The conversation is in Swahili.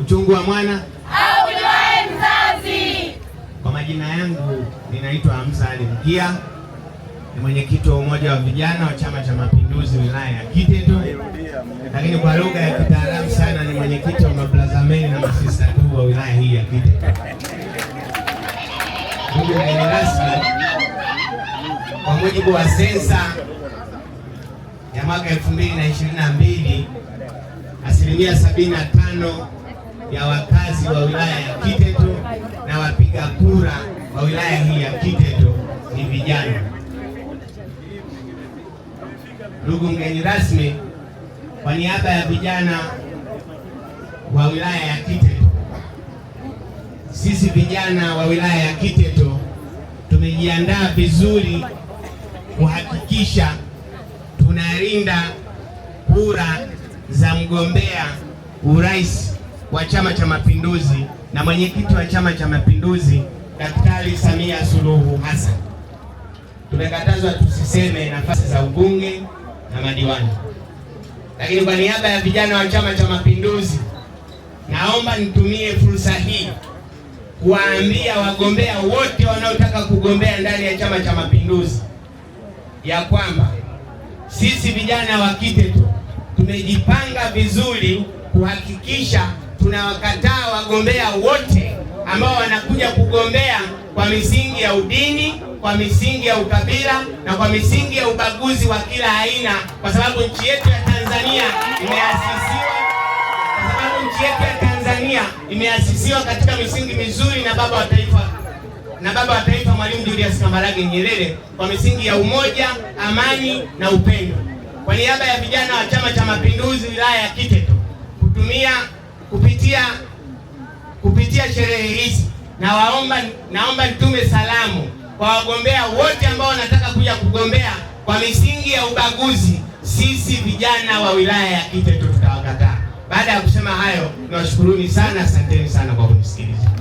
uchungu wa mwana aujuae mzazi. Kwa majina yangu ninaitwa Hamza Ali Mkia, ni mwenyekiti wa umoja wa vijana wa Chama cha Mapinduzi wilaya ya Kiteto, lakini kwa lugha ya kitaalamu sana ni mwenyekiti wa mabrazameni na masista tu wa wilaya hii ya Kiteto. Mgeni rasmi kwa mujibu wa sensa ya mwaka 2022 asilimia 75 ya wakazi wa wilaya ya Kiteto na wapiga kura wa wilaya hii ya Kiteto ni vijana. Ndugu mgeni rasmi, kwa niaba ya vijana wa wilaya ya Kiteto, sisi vijana wa wilaya ya Kiteto tumejiandaa vizuri kuhakikisha tunalinda kura za mgombea urais wa Chama cha Mapinduzi na mwenyekiti wa Chama cha Mapinduzi Daktari Samia Suluhu Hassan. Tumekatazwa tusiseme nafasi za ubunge na madiwani, lakini kwa niaba ya vijana wa Chama cha Mapinduzi naomba nitumie fursa hii kuwaambia wagombea wote wanaotaka kugombea ndani ya Chama cha Mapinduzi ya kwamba sisi vijana wa kike tu tumejipanga vizuri kuhakikisha tunawakataa wagombea wote ambao wanakuja kugombea kwa misingi ya udini, kwa misingi ya ukabila na kwa misingi ya ubaguzi wa kila aina, kwa sababu nchi yetu ya Tanzania imeasisiwa kwa sababu nchi yetu ya Tanzania imeasisiwa katika misingi mizuri na baba wa taifa na baba wa taifa Mwalimu Julius Kambarage Nyerere kwa misingi ya umoja, amani na upendo. Kwa niaba ya vijana wa Chama cha Mapinduzi wilaya ya Kiteto kutumia kupitia kupitia sherehe hizi na waomba, naomba nitume salamu kwa wagombea wote ambao wanataka kuja kugombea kwa misingi ya ubaguzi. Sisi vijana wa wilaya ya Kiteto tutawakataa. Baada ya kusema hayo, nawashukuruni sana, asanteni sana kwa kunisikiliza.